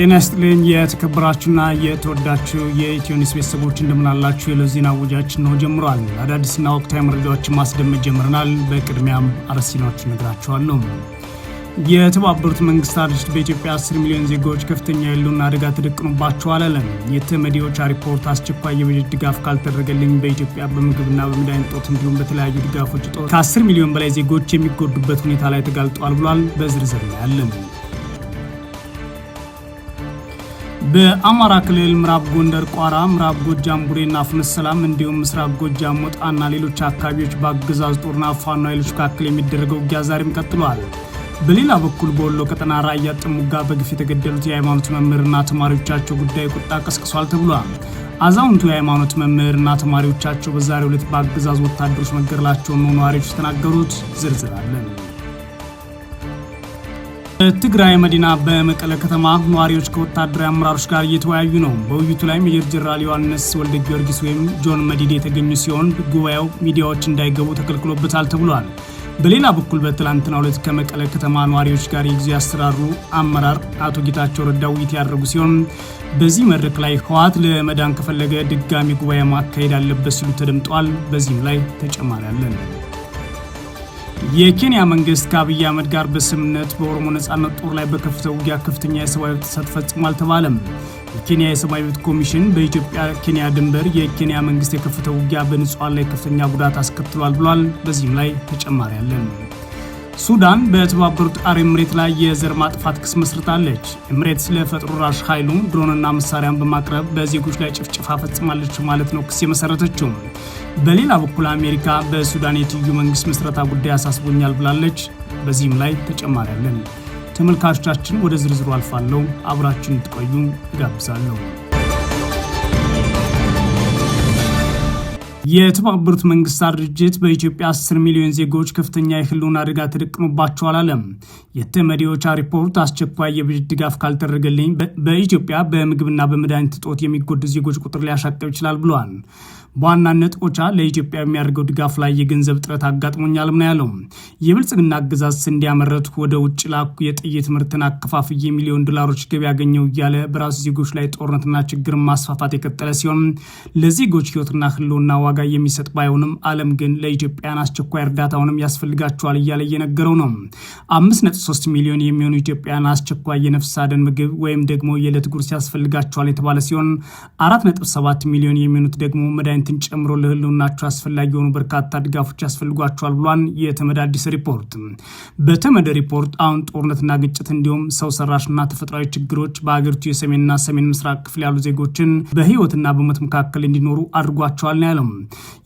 ጤና ይስጥልኝ የተከበራችሁና የተወዳችሁ የኢትዮ ኒውስ ቤተሰቦች እንደምናላችሁ። የዕለቱ ዜና ውጃችን ነው ጀምሯል። አዳዲስና ወቅታዊ መረጃዎችን ማስደመጥ ጀምረናል። በቅድሚያም አርዕስተ ዜናዎችን እነግራችኋለሁ። የተባበሩት መንግስታት ድርጅት በኢትዮጵያ 10 ሚሊዮን ዜጎች ከፍተኛ የሕልውና አደጋ ተደቅኖባቸዋል አለ። የተመዲዎቻ ሪፖርት አስቸኳይ የበጀት ድጋፍ ካልተደረገልኝ በኢትዮጵያ በምግብና በመድኃኒት እጦት እንዲሁም በተለያዩ ድጋፎች እጦት ከ10 ሚሊዮን በላይ ዜጎች የሚጎዱበት ሁኔታ ላይ ተጋልጧል ብሏል። በዝርዝር ያለም በአማራ ክልል ምዕራብ ጎንደር ቋራ፣ ምዕራብ ጎጃም ቡሬና ፍኖተ ሰላም እንዲሁም ምስራቅ ጎጃም ሞጣና ሌሎች አካባቢዎች በአገዛዝ ጦርና ፋኖ ኃይሎች መካከል የሚደረገው ውጊያ ዛሬም ቀጥሏል። በሌላ በኩል በወሎ ቀጠና ራያ ጥሙጋ በግፍ የተገደሉት የሃይማኖት መምህርና ተማሪዎቻቸው ጉዳይ ቁጣ ቀስቅሷል ተብሏል። አዛውንቱ የሃይማኖት መምህርና ተማሪዎቻቸው በዛሬው ዕለት በአገዛዝ ወታደሮች መገደላቸውን ነው ነዋሪዎች የተናገሩት። ዝርዝር አለን። በትግራይ መዲና በመቀለ ከተማ ነዋሪዎች ከወታደራዊ አመራሮች ጋር እየተወያዩ ነው። በውይይቱ ላይ ሜጀር ጀነራል ዮሐንስ ወልደ ጊዮርጊስ ወይም ጆን መዲድ የተገኙ ሲሆን ጉባኤው ሚዲያዎች እንዳይገቡ ተከልክሎበታል ተብሏል። በሌላ በኩል በትላንትና ሁለት ከመቀለ ከተማ ነዋሪዎች ጋር የጊዜ አሰራሩ አመራር አቶ ጌታቸው ረዳ ውይይት ያደረጉ ሲሆን በዚህ መድረክ ላይ ህወሓት ለመዳን ከፈለገ ድጋሚ ጉባኤ ማካሄድ አለበት ሲሉ ተደምጠዋል። በዚህም ላይ ተጨማሪ አለን። የኬንያ መንግስት ከአብይ አህመድ ጋር በስምምነት በኦሮሞ ነጻነት ጦር ላይ በከፍተው ውጊያ ከፍተኛ የሰብአዊ ጥሰት ፈጽሟል ተባለም። የኬንያ የሰብአዊ መብት ኮሚሽን በኢትዮጵያ ኬንያ ድንበር የኬንያ መንግስት የከፍተው ውጊያ በንጹሐን ላይ ከፍተኛ ጉዳት አስከትሏል ብሏል። በዚህም ላይ ተጨማሪ አለን። ሱዳን በተባበሩት አረብ ኤምሬት ላይ የዘር ማጥፋት ክስ መስርታለች። ኤምሬትስ ለፈጥኖ ደራሽ ኃይሉ ድሮንና መሳሪያን በማቅረብ በዜጎች ላይ ጭፍጭፋ ፈጽማለች ማለት ነው ክስ የመሰረተችው። በሌላ በኩል አሜሪካ በሱዳን የትዩ መንግስት ምስረታ ጉዳይ አሳስቦኛል ብላለች። በዚህም ላይ ተጨማሪ አለን። ተመልካቾቻችን ወደ ዝርዝሩ አልፋለሁ። አብራችን እንድትቆዩ ጋብዛለሁ። የተባበሩት መንግስታት ድርጅት በኢትዮጵያ 10 ሚሊዮን ዜጎች ከፍተኛ የህልውና አደጋ ተደቅኖባቸዋል አለም። የተመድ ኦቻ ሪፖርት አስቸኳይ የበጀት ድጋፍ ካልተደረገልኝ በኢትዮጵያ በምግብና በመድኃኒት እጦት የሚጎዱ ዜጎች ቁጥር ሊያሻቀብ ይችላል ብሏል። በዋናነት ኦቻ ለኢትዮጵያ የሚያደርገው ድጋፍ ላይ የገንዘብ እጥረት አጋጥሞኛልም ነው ያለው። የብልጽግና አገዛዝ ስንዴ ያመረትኩ ወደ ውጭ ላኩ፣ የጥይት ምርትን አከፋፍዬ ሚሊዮን ዶላሮች ገቢ ያገኘው እያለ በራሱ ዜጎች ላይ ጦርነትና ችግር ማስፋፋት የቀጠለ ሲሆን ለዜጎች ህይወትና ህልውና ዋጋ የሚሰጥ ባይሆንም ዓለም ግን ለኢትዮጵያን አስቸኳይ እርዳታውንም ያስፈልጋቸዋል እያለ እየነገረው ነው። አምስት ነጥብ ሶስት ሚሊዮን የሚሆኑ ኢትዮጵያን አስቸኳይ የነፍስ አድን ምግብ ወይም ደግሞ የዕለት ጉርስ ያስፈልጋቸዋል የተባለ ሲሆን አራት ነጥብ ሰባት ሚሊዮን የሚሆኑት ደግሞ መድኃኒትን ጨምሮ ለህልውናቸው አስፈላጊ የሆኑ በርካታ ድጋፎች ያስፈልጓቸዋል ብሏን የተመድ አዲስ ሪፖርት። በተመድ ሪፖርት አሁን ጦርነትና ግጭት እንዲሁም ሰው ሰራሽና ተፈጥሯዊ ችግሮች በሀገሪቱ የሰሜንና ሰሜን ምስራቅ ክፍል ያሉ ዜጎችን በህይወትና በሞት መካከል እንዲኖሩ አድርጓቸዋል ነው ያለው።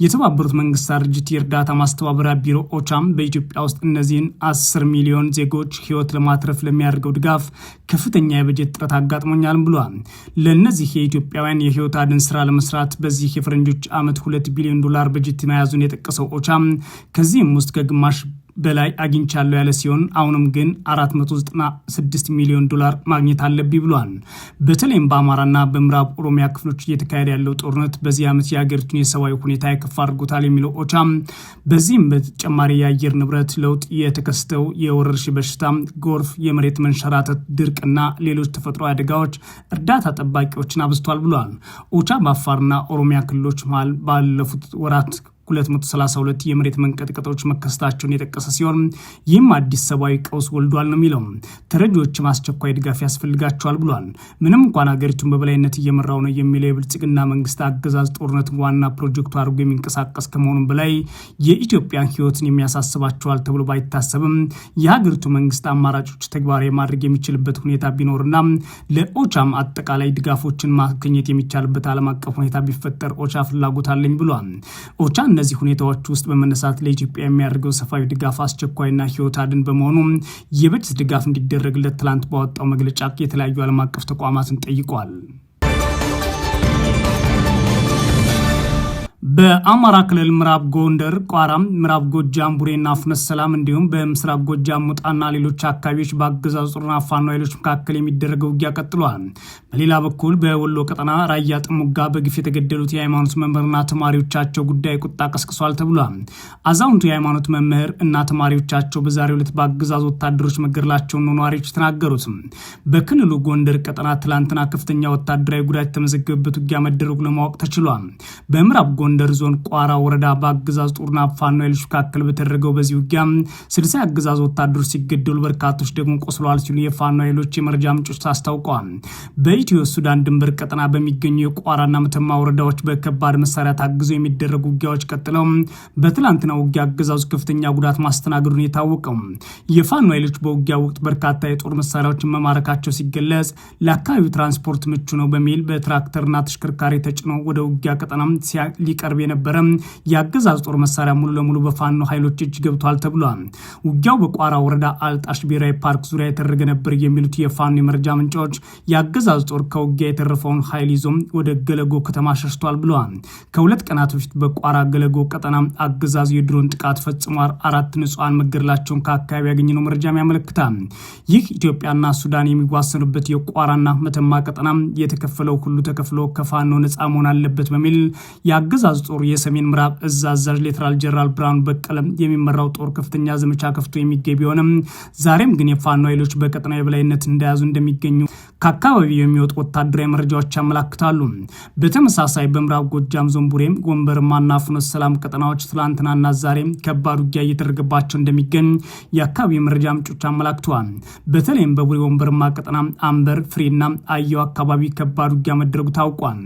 የተባበሩት መንግስታት ድርጅት የእርዳታ ማስተባበሪያ ቢሮ ኦቻም በኢትዮጵያ ውስጥ እነዚህን አስር ሚሊዮን ዜጎች ህይወት ለማትረፍ ለሚያደርገው ድጋፍ ከፍተኛ የበጀት ጥረት አጋጥሞኛል ብሏል። ለእነዚህ የኢትዮጵያውያን የህይወት አድን ስራ ለመስራት በዚህ የፈረንጆች ዓመት ሁለት ቢሊዮን ዶላር በጀት መያዙን የጠቀሰው ኦቻም ከዚህም ውስጥ ከግማሽ በላይ አግኝቻለሁ ያለ ሲሆን አሁንም ግን 496 ሚሊዮን ዶላር ማግኘት አለብኝ ብሏል። በተለይም በአማራና በምዕራብ ኦሮሚያ ክፍሎች እየተካሄደ ያለው ጦርነት በዚህ ዓመት የሀገሪቱን የሰብአዊ ሁኔታ የክፍ አድርጎታል የሚለው ኦቻም በዚህም በተጨማሪ የአየር ንብረት ለውጥ የተከሰተው የወረርሽ በሽታ፣ ጎርፍ፣ የመሬት መንሸራተት፣ ድርቅና ሌሎች ተፈጥሮ አደጋዎች እርዳታ ጠባቂዎችን አብዝቷል ብሏል። ኦቻ በአፋርና ኦሮሚያ ክልሎች መሃል ባለፉት ወራት 232 የመሬት መንቀጥቀጦች መከሰታቸውን የጠቀሰ ሲሆን ይህም አዲስ ሰብአዊ ቀውስ ወልዷል ነው የሚለው። ተረጂዎችም አስቸኳይ ድጋፍ ያስፈልጋቸዋል ብሏል። ምንም እንኳን ሀገሪቱን በበላይነት እየመራው ነው የሚለው የብልጽግና መንግስት አገዛዝ ጦርነት ዋና ፕሮጀክቱ አድርጎ የሚንቀሳቀስ ከመሆኑም በላይ የኢትዮጵያን ህይወትን የሚያሳስባቸዋል ተብሎ ባይታሰብም የሀገሪቱ መንግስት አማራጮች ተግባራዊ ማድረግ የሚችልበት ሁኔታ ቢኖርና ለኦቻም አጠቃላይ ድጋፎችን ማግኘት የሚቻልበት ዓለም አቀፍ ሁኔታ ቢፈጠር ኦቻ ፍላጎት አለኝ ብሏል። ኦቻ እነዚህ ሁኔታዎች ውስጥ በመነሳት ለኢትዮጵያ የሚያደርገው ሰፋዊ ድጋፍ አስቸኳይና ህይወት አድን በመሆኑ የበጀት ድጋፍ እንዲደረግለት ትላንት ባወጣው መግለጫ የተለያዩ ዓለም አቀፍ ተቋማትን ጠይቋል። በአማራ ክልል ምዕራብ ጎንደር፣ ቋራም፣ ምዕራብ ጎጃም ቡሬና አፉነት ሰላም እንዲሁም በምስራብ ጎጃም ሙጣና ሌሎች አካባቢዎች በአገዛዙ ጦርና ፋኖ ኃይሎች መካከል የሚደረገው ውጊያ ቀጥሏል። በሌላ በኩል በወሎ ቀጠና ራያ ጥሙጋ በግፍ የተገደሉት የሃይማኖት መምህርና ተማሪዎቻቸው ጉዳይ ቁጣ ቀስቅሷል ተብሏል። አዛውንቱ የሃይማኖት መምህር እና ተማሪዎቻቸው በዛሬው ዕለት በአገዛዙ ወታደሮች መገደላቸውን ነዋሪዎች ተናገሩት። በክልሉ ጎንደር ቀጠና ትላንትና ከፍተኛ ወታደራዊ ጉዳት የተመዘገበበት ውጊያ መደረጉ ለማወቅ ተችሏል። በምዕራብ ጎንደር ጎንደር ዞን ቋራ ወረዳ በአገዛዝ ጦርና ፋኖ ኃይሎች መካከል በተደረገው በዚህ ውጊያ ስልሳ የአገዛዝ ወታደሮች ሲገደሉ በርካቶች ደግሞ ቆስለዋል ሲሉ የፋኖ ኃይሎች የመረጃ ምንጮች አስታውቀዋል። በኢትዮ ሱዳን ድንበር ቀጠና በሚገኙ የቋራና መተማ ወረዳዎች በከባድ መሳሪያ ታግዘው የሚደረጉ ውጊያዎች ቀጥለው በትላንትና ውጊያ አገዛዙ ከፍተኛ ጉዳት ማስተናገዱን የታወቀው የፋኖ ኃይሎች በውጊያ ወቅት በርካታ የጦር መሳሪያዎችን መማረካቸው ሲገለጽ ለአካባቢው ትራንስፖርት ምቹ ነው በሚል በትራክተርና ተሽከርካሪ ተጭኖ ወደ ውጊያ ቀጠናም ሊቀ ሲቀርብ የነበረ የአገዛዝ ጦር መሳሪያ ሙሉ ለሙሉ በፋኖ ኃይሎች እጅ ገብቷል ተብሏል። ውጊያው በቋራ ወረዳ አልጣሽ ብሔራዊ ፓርክ ዙሪያ የተደረገ ነበር የሚሉት የፋኖ የመረጃ ምንጫዎች የአገዛዝ ጦር ከውጊያ የተረፈውን ኃይል ይዞም ወደ ገለጎ ከተማ ሸሽቷል ብለዋል። ከሁለት ቀናት በፊት በቋራ ገለጎ ቀጠና አገዛዝ የድሮን ጥቃት ፈጽሟል። አራት ንጹሐን መገደላቸውን ከአካባቢ ያገኘነው መረጃም ያመለክታል። ይህ ኢትዮጵያና ሱዳን የሚዋሰኑበት የቋራና መተማ ቀጠና የተከፈለው ሁሉ ተከፍሎ ከፋኖ ነፃ መሆን አለበት በሚል የአገዛዝ አገዛዝ ጦር የሰሜን ምዕራብ እዝ አዛዥ ሌተናል ጀነራል ብርሃኑ በቀለ የሚመራው ጦር ከፍተኛ ዘመቻ ከፍቶ የሚገኝ ቢሆንም ዛሬም ግን የፋኖ ኃይሎች በቀጠና የበላይነት እንደያዙ እንደሚገኙ ከአካባቢው የሚወጡ ወታደራዊ መረጃዎች ያመላክታሉ። በተመሳሳይ በምዕራብ ጎጃም ዞን ቡሬም፣ ጎንበርማና ፍኖተ ሰላም ቀጠናዎች ትላንትናና ዛሬም ከባድ ውጊያ እየተደረገባቸው እንደሚገኝ የአካባቢ መረጃ ምንጮች አመላክተዋል። በተለይም በቡሬ ወንበርማ ቀጠና አንበር ፍሬና አየው አካባቢ ከባድ ውጊያ መደረጉ ታውቋል።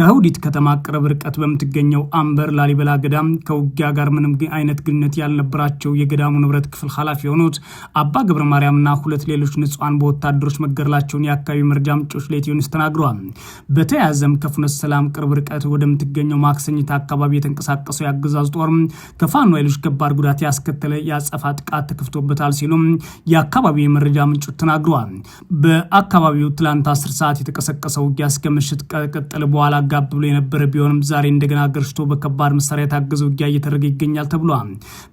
ከሁዲት ከተማ ቅርብ ርቀት በምትገኘው አንበር ላሊበላ ገዳም ከውጊያ ጋር ምንም አይነት ግንኙነት ያልነበራቸው የገዳሙ ንብረት ክፍል ኃላፊ የሆኑት አባ ገብረ ማርያምና ሁለት ሌሎች ንጹሐን በወታደሮች መገደላቸውን የአካባቢ የመረጃ ምንጮች ለኢትዮኒውስ ተናግረዋል። በተያያዘም ከፍኖተ ሰላም ቅርብ ርቀት ወደምትገኘው ማክሰኝት አካባቢ የተንቀሳቀሰው የአገዛዙ ጦር ከፋኖ ኃይሎች ከባድ ጉዳት ያስከተለ የአጸፋ ጥቃት ተከፍቶበታል ሲሉም የአካባቢው የመረጃ ምንጮች ተናግረዋል። በአካባቢው ትላንት አስር ሰዓት የተቀሰቀሰው ውጊያ እስከ ምሽት ቀጠለ በኋላ ጋብ ብሎ የነበረ ቢሆንም ዛሬ እንደገና ገርሽቶ በከባድ መሳሪያ የታገዘ ውጊያ እየተደረገ ይገኛል ተብሏል።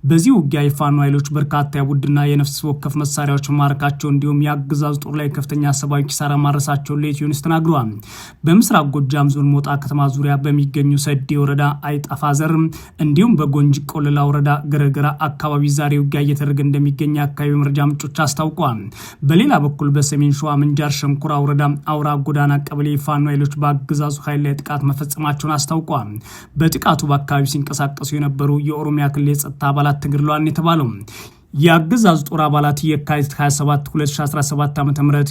በዚህ ውጊያ የፋኖ ኃይሎች በርካታ የቡድንና የነፍስ ወከፍ መሳሪያዎች ማረካቸው እንዲሁም የአገዛዙ ጦር ላይ ከፍተኛ ሰብአዊ ኪሳራ መሳሪያ ማድረሳቸውን ለኢትዮ ተናግረዋል። በምስራቅ ጎጃም ዞን ሞጣ ከተማ ዙሪያ በሚገኙ ሰዴ ወረዳ አይጣፋዘር እንዲሁም በጎንጅ ቆለላ ወረዳ ገረገራ አካባቢ ዛሬ ውጊያ እየተደረገ እንደሚገኝ የአካባቢ መረጃ ምንጮች አስታውቋል። በሌላ በኩል በሰሜን ሸዋ ምንጃር ሸንኮራ ወረዳ አውራ ጎዳና ቀበሌ ፋኖ ኃይሎች በአገዛዙ ኃይል ላይ ጥቃት መፈጸማቸውን አስታውቋል። በጥቃቱ በአካባቢው ሲንቀሳቀሱ የነበሩ የኦሮሚያ ክልል የጸጥታ አባላት ተገድለዋል የተባለው የአገዛዝ ጦር አባላት የካቲት 27 2017 ዓ ም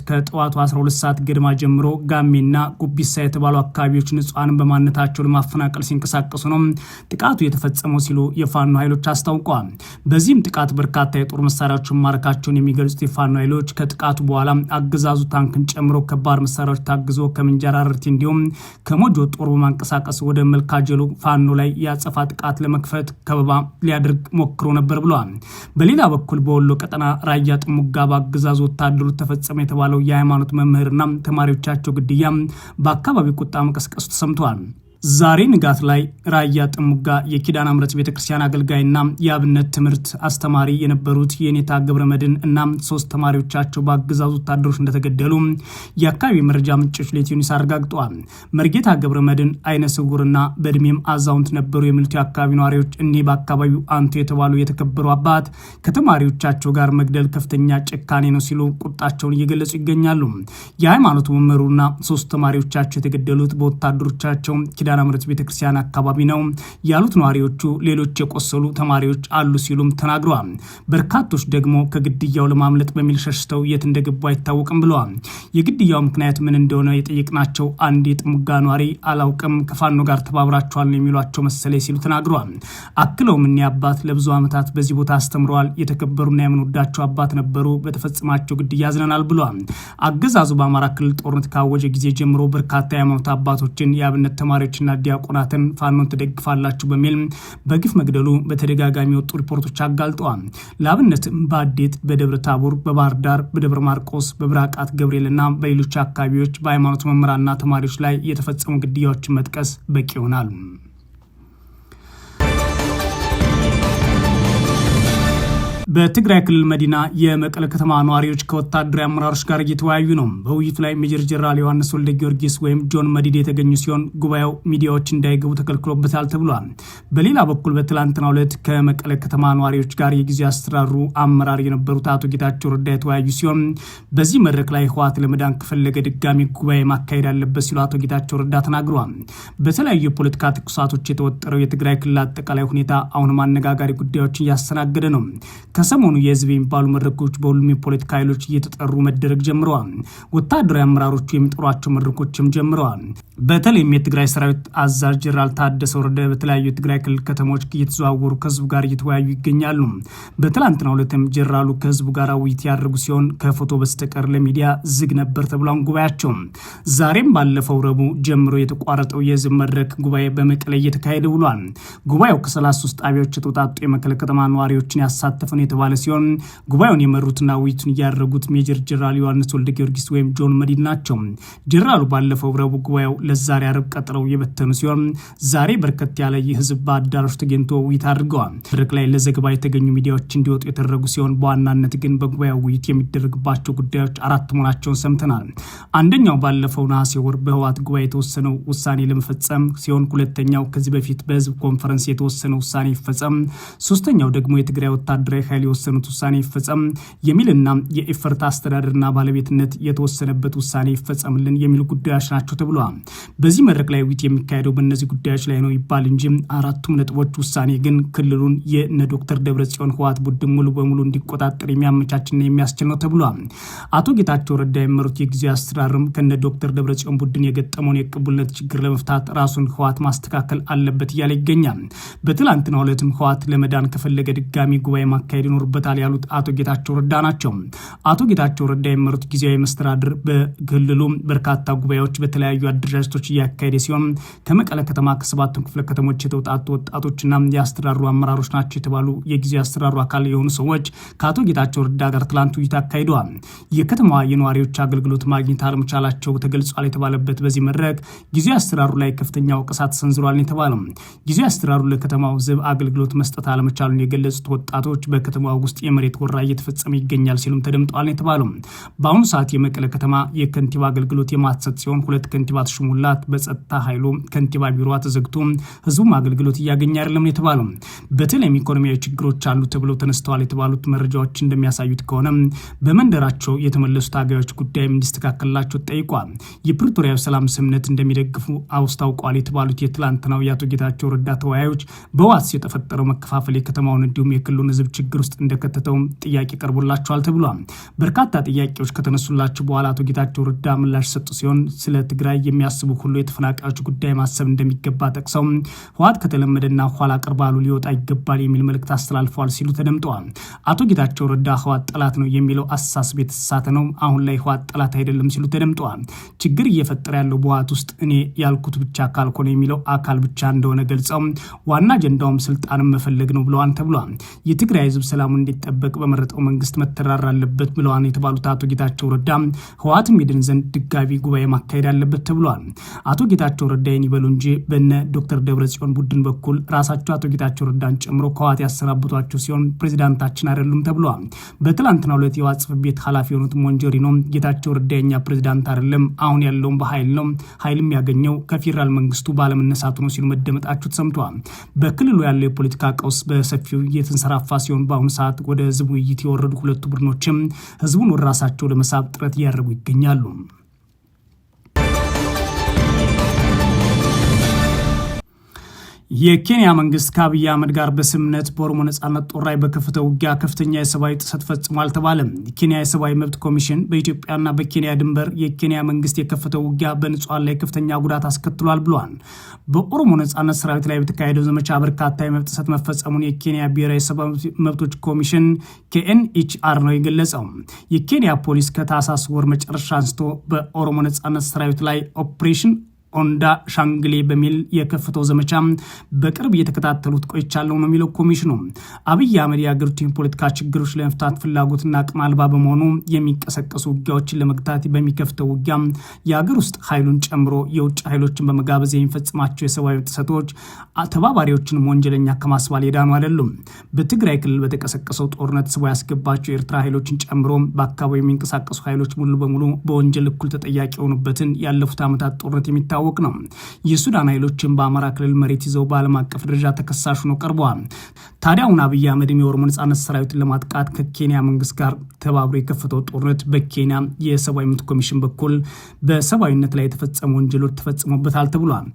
ከጠዋቱ 12 ሰዓት ገድማ ጀምሮ ጋሜና ጉቢሳ የተባሉ አካባቢዎች ንጹሐንን በማንነታቸው ለማፈናቀል ሲንቀሳቀሱ ነው ጥቃቱ የተፈጸመው ሲሉ የፋኖ ኃይሎች አስታውቀዋል። በዚህም ጥቃት በርካታ የጦር መሳሪያዎችን ማረካቸውን የሚገልጹት የፋኖ ኃይሎች ከጥቃቱ በኋላ አገዛዙ ታንክን ጨምሮ ከባድ መሳሪያዎች ታግዞ ከምንጃራ አረርቲ እንዲሁም ከሞጆ ጦር በማንቀሳቀስ ወደ መልካጀሎ ፋኖ ላይ ያጸፋ ጥቃት ለመክፈት ከበባ ሊያደርግ ሞክሮ ነበር ብለዋል። በሌላ በኩል በወሎ ቀጠና ራያ ጥሙጋ በአገዛዙ ወታደሩ ተፈጸመ የተባለው የሃይማኖት መምህርና ተማሪዎቻቸው ግድያ በአካባቢው ቁጣ መቀስቀሱ ተሰምተዋል። ዛሬ ንጋት ላይ ራያ ጥሙጋ የኪዳነ ምሕረት ቤተክርስቲያን አገልጋይና የአብነት ትምህርት አስተማሪ የነበሩት የኔታ መድን እና ሶስት ተማሪዎቻቸው በአገዛዙ ወታደሮች እንደተገደሉ የአካባቢ መረጃ ምንጮች ለኢትዮኒስ አረጋግጠዋል። መርጌታ መድን አይነ ስውርና በእድሜም አዛውንት ነበሩ የሚሉት የአካባቢ ነዋሪዎች እኒህ በአካባቢው አንቱ የተባሉ የተከበሩ አባት ከተማሪዎቻቸው ጋር መግደል ከፍተኛ ጭካኔ ነው ሲሉ ቁጣቸውን እየገለጹ ይገኛሉ። የሃይማኖት መምህሩና ሶስት ተማሪዎቻቸው የተገደሉት በወታደሮቻቸው ኪዳነ ምሕረት ቤተክርስቲያን አካባቢ ነው ያሉት ነዋሪዎቹ፣ ሌሎች የቆሰሉ ተማሪዎች አሉ ሲሉም ተናግረዋል። በርካቶች ደግሞ ከግድያው ለማምለጥ በሚል ሸሽተው የት እንደገቡ አይታወቅም ብለዋል። የግድያው ምክንያት ምን እንደሆነ የጠየቅናቸው አንድ የጥሙጋ ነዋሪ አላውቅም፣ ከፋኖ ጋር ተባብራቸዋል የሚሏቸው መሰለ ሲሉ ተናግረዋል። አክለው ምን አባት ለብዙ ዓመታት በዚህ ቦታ አስተምረዋል። የተከበሩና የምንወዳቸው አባት ነበሩ። በተፈጸማቸው ግድያ አዝነናል ብለዋል። አገዛዙ በአማራ ክልል ጦርነት ካወጀ ጊዜ ጀምሮ በርካታ የሃይማኖት አባቶችን የአብነት ተማሪዎች አባቶችና ዲያቆናትን ፋኖን ትደግፋላችሁ በሚል በግፍ መግደሉ በተደጋጋሚ የወጡ ሪፖርቶች አጋልጠዋል። ለአብነትም በአዴት፣ በደብረ ታቦር፣ በባህር ዳር፣ በደብረ ማርቆስ፣ በብራቃት ገብርኤልና በሌሎች አካባቢዎች በሃይማኖት መምህራንና ተማሪዎች ላይ የተፈጸሙ ግድያዎችን መጥቀስ በቂ ይሆናል። በትግራይ ክልል መዲና የመቀለ ከተማ ነዋሪዎች ከወታደራዊ አመራሮች ጋር እየተወያዩ ነው። በውይይቱ ላይ ሜጀር ጀነራል ዮሐንስ ወልደ ጊዮርጊስ ወይም ጆን መዲድ የተገኙ ሲሆን ጉባኤው ሚዲያዎች እንዳይገቡ ተከልክሎበታል ተብሏል። በሌላ በኩል በትላንትናው ዕለት ከመቀለ ከተማ ነዋሪዎች ጋር የጊዜ አስተዳደሩ አመራር የነበሩት አቶ ጌታቸው ረዳ የተወያዩ ሲሆን በዚህ መድረክ ላይ ህወሓት ለመዳን ከፈለገ ድጋሚ ጉባኤ ማካሄድ አለበት ሲሉ አቶ ጌታቸው ረዳ ተናግረዋል። በተለያዩ የፖለቲካ ትኩሳቶች የተወጠረው የትግራይ ክልል አጠቃላይ ሁኔታ አሁንም አነጋጋሪ ጉዳዮችን እያስተናገደ ነው። ከሰሞኑ የህዝብ የሚባሉ መድረኮች በሁሉም የፖለቲካ ኃይሎች እየተጠሩ መደረግ ጀምረዋል። ወታደራዊ አመራሮቹ የሚጠሯቸው መድረኮችም ጀምረዋል። በተለይም የትግራይ ሰራዊት አዛዥ ጀነራል ታደሰ ወረደ በተለያዩ የትግራይ ክልል ከተሞች እየተዘዋወሩ ከህዝቡ ጋር እየተወያዩ ይገኛሉ። በትላንትናው ዕለትም ጀነራሉ ከህዝቡ ጋር ውይይት ያደረጉ ሲሆን ከፎቶ በስተቀር ለሚዲያ ዝግ ነበር ተብሏን ጉባኤያቸው። ዛሬም ባለፈው ረቡዕ ጀምሮ የተቋረጠው የህዝብ መድረክ ጉባኤ በመቀለ እየተካሄደ ውሏል። ጉባኤው ከ33 ጣቢያዎች የተውጣጡ የመቀለ ከተማ ነዋሪዎችን ያሳተፈ ነው የተባለ ሲሆን ጉባኤውን የመሩትና ውይይቱን እያደረጉት ሜጀር ጀነራል ዮሐንስ ወልደ ጊዮርጊስ ወይም ጆን መዲድ ናቸው። ጀነራሉ ባለፈው ረቡዕ ጉባኤው ለዛሬ አርብ ቀጥለው የበተኑ ሲሆን ዛሬ በርከት ያለ የህዝብ በአዳራሹ ተገኝቶ ውይይት አድርገዋል። መድረክ ላይ ለዘገባ የተገኙ ሚዲያዎች እንዲወጡ የተደረጉ ሲሆን በዋናነት ግን በጉባኤው ውይይት የሚደረግባቸው ጉዳዮች አራት መሆናቸውን ሰምተናል። አንደኛው ባለፈው ነሐሴ ወር በህወሓት ጉባኤ የተወሰነው ውሳኔ ለመፈጸም ሲሆን ሁለተኛው ከዚህ በፊት በህዝብ ኮንፈረንስ የተወሰነ ውሳኔ ይፈጸም፣ ሶስተኛው ደግሞ የትግራይ ወታደራዊ ኃይል በመካከል የወሰኑት ውሳኔ ይፈጸም የሚልና የኢፈርት አስተዳደርና ባለቤትነት የተወሰነበት ውሳኔ ይፈጸምልን የሚሉ ጉዳዮች ናቸው ተብሏል። በዚህ መድረክ ላይ ውይይት የሚካሄደው በእነዚህ ጉዳዮች ላይ ነው ይባል እንጂ አራቱም ነጥቦች ውሳኔ ግን ክልሉን የነ ዶክተር ደብረጽዮን ህወሓት ቡድን ሙሉ በሙሉ እንዲቆጣጠር የሚያመቻችና የሚያስችል ነው ተብሏል። አቶ ጌታቸው ረዳ የመሩት የጊዜ አስተዳደርም ከነ ዶክተር ደብረጽዮን ቡድን የገጠመውን የቅቡልነት ችግር ለመፍታት ራሱን ህወሓት ማስተካከል አለበት እያለ ይገኛል። በትላንትናው ዕለትም ህወሓት ለመዳን ከፈለገ ድጋሚ ጉባኤ ማካሄድ ይኖርበታል ያሉት አቶ ጌታቸው ረዳ ናቸው። አቶ ጌታቸው ረዳ የመሩት ጊዜያዊ መስተዳድር በክልሉ በርካታ ጉባኤዎች በተለያዩ አደረጃጀቶች እያካሄደ ሲሆን ከመቀለ ከተማ ከሰባቱን ክፍለ ከተሞች የተውጣጡ ወጣቶችና የአስተዳሩ አመራሮች ናቸው የተባሉ የጊዜ አስተዳሩ አካል የሆኑ ሰዎች ከአቶ ጌታቸው ረዳ ጋር ትላንት ውይይት አካሂደዋል። የከተማዋ የነዋሪዎች አገልግሎት ማግኘት አለመቻላቸው ተገልጿል የተባለበት በዚህ መድረክ ጊዜ አስተዳሩ ላይ ከፍተኛ ወቀሳ ተሰንዝሯል የተባለው ጊዜ አስተዳሩ ለከተማው ሕዝብ አገልግሎት መስጠት አለመቻሉን የገለጹት ወጣቶች በከ ከተማ ውስጥ የመሬት ወራ እየተፈጸመ ይገኛል ሲሉም ተደምጠዋል ነው የተባሉ። በአሁኑ ሰዓት የመቀለ ከተማ የከንቲባ አገልግሎት የማትሰጥ ሲሆን ሁለት ከንቲባ ተሾሙላት። በጸጥታ ኃይሉ ከንቲባ ቢሮ ተዘግቶ ህዝቡም አገልግሎት እያገኘ አይደለም ነው የተባሉ። በተለይም ኢኮኖሚያዊ ችግሮች አሉ ተብለው ተነስተዋል የተባሉት መረጃዎች እንደሚያሳዩት ከሆነ በመንደራቸው የተመለሱት ታጋዮች ጉዳይ እንዲስተካከልላቸው ጠይቋል። የፕሪቶሪያ ሰላም ስምነት እንደሚደግፉ አስታውቋል የተባሉት የትላንትናው የአቶ ጌታቸው ረዳ ተወያዮች በዋስ የተፈጠረው መከፋፈል የከተማውን እንዲሁም የክልሉን ህዝብ ችግር ውስጥ እንደከተተው ጥያቄ ቀርቦላቸዋል ተብሏል። በርካታ ጥያቄዎች ከተነሱላቸው በኋላ አቶ ጌታቸው ረዳ ምላሽ ሰጡ ሲሆን ስለ ትግራይ የሚያስቡ ሁሉ የተፈናቃዮች ጉዳይ ማሰብ እንደሚገባ ጠቅሰው ህወሓት ከተለመደና ኋላ ቅርባሉ ሊወጣ ይገባል የሚል መልእክት አስተላልፈዋል ሲሉ ተደምጠዋል። አቶ ጌታቸው ረዳ ህወሓት ጠላት ነው የሚለው አሳስብ የተሳሳተ ነው። አሁን ላይ ህወሓት ጠላት አይደለም ሲሉ ተደምጠዋል። ችግር እየፈጠረ ያለው በህወሓት ውስጥ እኔ ያልኩት ብቻ ካልሆነ የሚለው አካል ብቻ እንደሆነ ገልጸው ዋና አጀንዳውም ስልጣንም መፈለግ ነው ብለዋል ተብሏል። የትግራይ ህዝብ ሰላሙ እንዲጠበቅ በመረጠው መንግስት መተራር አለበት ብለዋል የተባሉት አቶ ጌታቸው ረዳ ህወሓትም ይድን ዘንድ ድጋቢ ጉባኤ ማካሄድ አለበት ተብሏል። አቶ ጌታቸው ረዳ ይህን ይበሉ እንጂ በነ ዶክተር ደብረጽዮን ቡድን በኩል ራሳቸው አቶ ጌታቸው ረዳን ጨምሮ ከህወሓት ያሰናብቷቸው ሲሆን ፕሬዚዳንታችን አይደሉም ተብሏል። በትላንትና ሁለት የህወሓት ጽሕፈት ቤት ኃላፊ የሆኑት ሞንጆሪኖ ጌታቸው ረዳ የኛ ፕሬዚዳንት አይደለም፣ አሁን ያለውም በኃይል ነው፣ ኃይልም ያገኘው ከፌዴራል መንግስቱ ባለመነሳቱ ነው ሲሉ መደመጣቸው ተሰምተዋል። በክልሉ ያለው የፖለቲካ ቀውስ በሰፊው እየተንሰራፋ ሲሆን በአሁኑ በአሁኑ ሰዓት ወደ ህዝብ ውይይት የወረዱ ሁለቱ ቡድኖችም ህዝቡን ወደ ራሳቸው ለመሳብ ጥረት እያደረጉ ይገኛሉ። የኬንያ መንግስት ከአብይ አህመድ ጋር በስምምነት በኦሮሞ ነጻነት ጦር ላይ በከፈተው ውጊያ ከፍተኛ የሰብአዊ ጥሰት ፈጽሟል ተባለ። የኬንያ የሰብአዊ መብት ኮሚሽን በኢትዮጵያና በኬንያ ድንበር የኬንያ መንግስት የከፈተው ውጊያ በንጹሐን ላይ ከፍተኛ ጉዳት አስከትሏል ብሏል። በኦሮሞ ነጻነት ሰራዊት ላይ በተካሄደው ዘመቻ በርካታ የመብት ጥሰት መፈጸሙን የኬንያ ብሔራዊ የሰብአዊ መብቶች ኮሚሽን ኬኤንኤችአር ነው የገለጸው። የኬንያ ፖሊስ ከታህሳስ ወር መጨረሻ አንስቶ በኦሮሞ ነጻነት ሰራዊት ላይ ኦፕሬሽን ኦንዳ ሻንግሌ በሚል የከፍተው ዘመቻ በቅርብ እየተከታተሉት ቆይቻለሁ ነው የሚለው ኮሚሽኑ። አብይ አህመድ የአገሪቱ ፖለቲካ ችግሮች ለመፍታት ፍላጎትና አቅም አልባ በመሆኑ የሚቀሰቀሱ ውጊያዎችን ለመግታት በሚከፍተው ውጊያ የአገር ውስጥ ኃይሉን ጨምሮ የውጭ ኃይሎችን በመጋበዝ የሚፈጽማቸው የሰብአዊ ጥሰቶች ተባባሪዎችንም ወንጀለኛ ከማስባል የዳኑ አይደሉም። በትግራይ ክልል በተቀሰቀሰው ጦርነት ስቦ ያስገባቸው የኤርትራ ኃይሎችን ጨምሮ በአካባቢ የሚንቀሳቀሱ ኃይሎች ሙሉ በሙሉ በወንጀል እኩል ተጠያቂ የሆኑበትን ያለፉት ዓመታት ጦርነት የሚታ የሚታወቅ ነው። የሱዳን ኃይሎችን በአማራ ክልል መሬት ይዘው በዓለም አቀፍ ደረጃ ተከሳሽ ሆኖ ቀርበዋል። ታዲያ አሁን አብይ አህመድ የኦሮሞ ነጻነት ሰራዊትን ለማጥቃት ከኬንያ መንግስት ጋር ተባብሮ የከፈተው ጦርነት በኬንያ የሰብአዊ መብት ኮሚሽን በኩል በሰብአዊነት ላይ የተፈጸሙ ወንጀሎች ተፈጽሞበታል ተብሏል።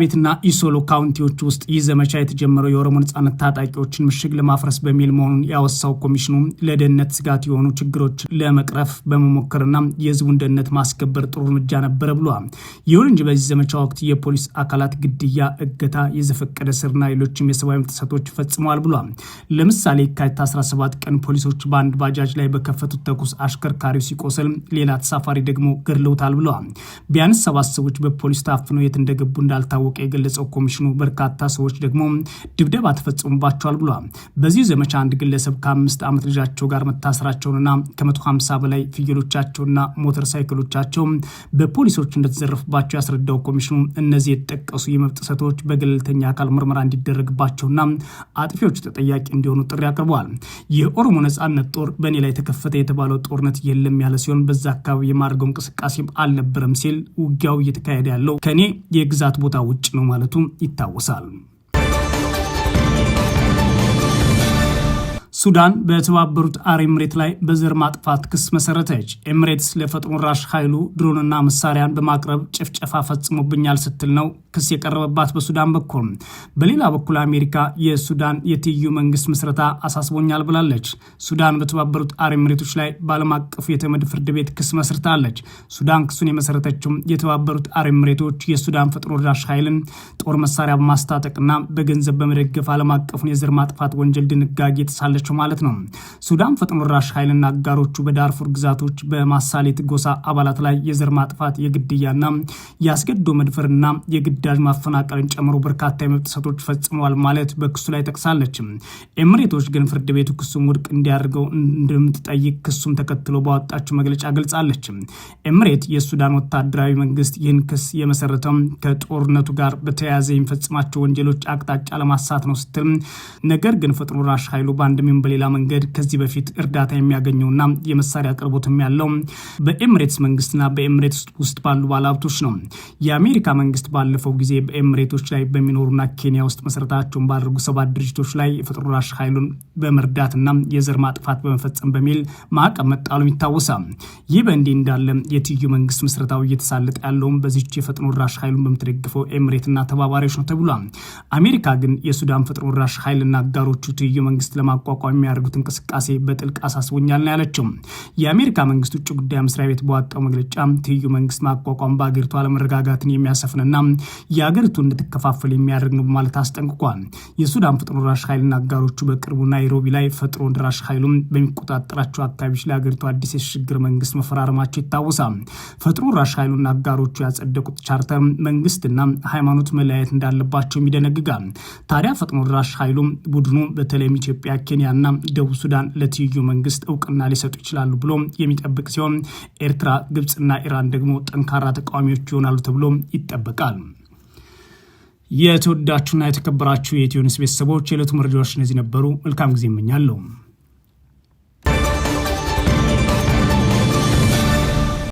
ቤትና ኢሶሎ ካውንቲዎች ውስጥ ይህ ዘመቻ የተጀመረው የኦሮሞ ነጻነት ታጣቂዎችን ምሽግ ለማፍረስ በሚል መሆኑን ያወሳው ኮሚሽኑ ለደህንነት ስጋት የሆኑ ችግሮች ለመቅረፍ በመሞከርና የህዝቡን ደህንነት ማስከበር ጥሩ እርምጃ ነበረ ብሏል። ይሁን እንጂ በዚህ ዘመቻ ወቅት የፖሊስ አካላት ግድያ፣ እገታ፣ የዘፈቀደ ስርና ሌሎችም የሰብአዊ መብት ጥሰቶች ፈጽመዋል ብሏል። ለምሳሌ የካቲት 17 ቀን ፖሊሶች በአንድ ባጃጅ ላይ በከፈቱት ተኩስ አሽከርካሪው ሲቆስል፣ ሌላ ተሳፋሪ ደግሞ ገድለውታል ብለዋል። ቢያንስ ሰባት ሰዎች በፖሊስ ታፍነው የት እንደገ እንደገቡ እንዳልታወቀ የገለጸው ኮሚሽኑ በርካታ ሰዎች ደግሞ ድብደባ ተፈጽሞባቸዋል ብሏል። በዚህ ዘመቻ አንድ ግለሰብ ከአምስት ዓመት ልጃቸው ጋር መታሰራቸውንና ከ150 በላይ ፍየሎቻቸውና ሞተር ሳይክሎቻቸው በፖሊሶች እንደተዘረፉባቸው ያስረዳው ኮሚሽኑ እነዚህ የተጠቀሱ የመብት ጥሰቶች በገለልተኛ አካል ምርመራ እንዲደረግባቸውና አጥፊዎቹ ተጠያቂ እንዲሆኑ ጥሪ አቅርበዋል። የኦሮሞ ነጻነት ጦር በእኔ ላይ ተከፈተ የተባለው ጦርነት የለም ያለ ሲሆን በዛ አካባቢ የማድርገው እንቅስቃሴም አልነበረም ሲል ውጊያው እየተካሄደ ያለው ከእኔ የግዛት ቦታ ውጭ ነው ማለቱም ይታወሳል። ሱዳን በተባበሩት አረብ ኤምሬት ላይ በዘር ማጥፋት ክስ መሰረተች። ኤምሬትስ ለፈጥኖ ደራሽ ኃይሉ ድሮንና መሳሪያን በማቅረብ ጭፍጨፋ ፈጽሞብኛል ስትል ነው ክስ የቀረበባት በሱዳን በኩል። በሌላ በኩል አሜሪካ የሱዳን የትዩ መንግስት ምስረታ አሳስቦኛል ብላለች። ሱዳን በተባበሩት አረብ ኤምሬቶች ላይ በዓለም አቀፉ የተመድ ፍርድ ቤት ክስ መስርታለች። ሱዳን ክሱን የመሰረተችውም የተባበሩት አረብ ኤምሬቶች የሱዳን ፈጥኖ ደራሽ ኃይልን ጦር መሳሪያ በማስታጠቅና በገንዘብ በመደገፍ ዓለም አቀፉን የዘር ማጥፋት ወንጀል ድንጋጌ የተሳለችው ናቸው ማለት ነው። ሱዳን ፈጥኖ ደራሽ ኃይልና አጋሮቹ በዳርፉር ግዛቶች በማሳሌት ጎሳ አባላት ላይ የዘር ማጥፋት፣ የግድያና የአስገድዶ መድፈርና የግዳጅ ማፈናቀልን ጨምሮ በርካታ የመብት ጥሰቶች ፈጽመዋል ማለት በክሱ ላይ ጠቅሳለች። ኤምሬቶች ግን ፍርድ ቤቱ ክሱም ውድቅ እንዲያደርገው እንደምትጠይቅ ክሱም ተከትሎ ባወጣችው መግለጫ ገልጻለች። ኤምሬት የሱዳን ወታደራዊ መንግስት ይህን ክስ የመሰረተው ከጦርነቱ ጋር በተያያዘ የሚፈጽማቸው ወንጀሎች አቅጣጫ ለማሳት ነው ስትል ነገር ግን ፈጥኖ ራሽ ኃይሉ በአንድ በሌላ መንገድ ከዚህ በፊት እርዳታ የሚያገኘውና የመሳሪያ አቅርቦትም ያለው በኤምሬትስ መንግስትና በኤምሬትስ ውስጥ ባሉ ባለሀብቶች ነው። የአሜሪካ መንግስት ባለፈው ጊዜ በኤምሬቶች ላይ በሚኖሩና ኬንያ ውስጥ መሰረታቸውን ባደረጉ ሰባት ድርጅቶች ላይ የፈጥኖ ደራሽ ኃይሉን በመርዳትና የዘር ማጥፋት በመፈጸም በሚል ማዕቀብ መጣሉም ይታወሳል። ይህ በእንዲህ እንዳለ የትዩ መንግስት ምስረታዊ እየተሳለጠ ያለውም በዚች የፈጥኖ ደራሽ ኃይሉን በምትደግፈው ኤምሬትና ተባባሪዎች ነው ተብሏል። አሜሪካ ግን የሱዳን ፈጥኖ ደራሽ ኃይልና አጋሮቹ ትዩ መንግስት ለማቋቋም እንዲቋቋም የሚያደርጉት እንቅስቃሴ በጥልቅ አሳስቦኛል ነው ያለችው። የአሜሪካ መንግስት ውጭ ጉዳይ መስሪያ ቤት በዋጣው መግለጫ ትይዩ መንግስት ማቋቋም በአገሪቱ አለመረጋጋትን የሚያሰፍንና የአገሪቱ እንድትከፋፈል የሚያደርግ ነው በማለት አስጠንቅቋል። የሱዳን ፈጥኖ ደራሽ ኃይልና አጋሮቹ በቅርቡ ናይሮቢ ላይ ፈጥኖ ደራሽ ኃይሉም በሚቆጣጠራቸው አካባቢዎች ለአገሪቱ አዲስ የሽግግር መንግስት መፈራረማቸው ይታወሳል። ፈጥኖ ደራሽ ኃይሉና አጋሮቹ ያጸደቁት ቻርተር መንግስትና ሃይማኖት መለያየት እንዳለባቸውም ይደነግጋል። ታዲያ ፈጥኖ ደራሽ ኃይሉም ቡድኑ በተለይም ኢትዮጵያ፣ ኬንያ ኤርትራና ደቡብ ሱዳን ለትይዩ መንግስት እውቅና ሊሰጡ ይችላሉ ብሎ የሚጠብቅ ሲሆን ኤርትራ፣ ግብፅና ኢራን ደግሞ ጠንካራ ተቃዋሚዎች ይሆናሉ ተብሎ ይጠበቃል። የተወዳችሁና የተከበራችሁ የኢትዮኒውስ ቤተሰቦች የዕለቱ መረጃዎች እነዚህ ነበሩ። መልካም ጊዜ እመኛለሁ።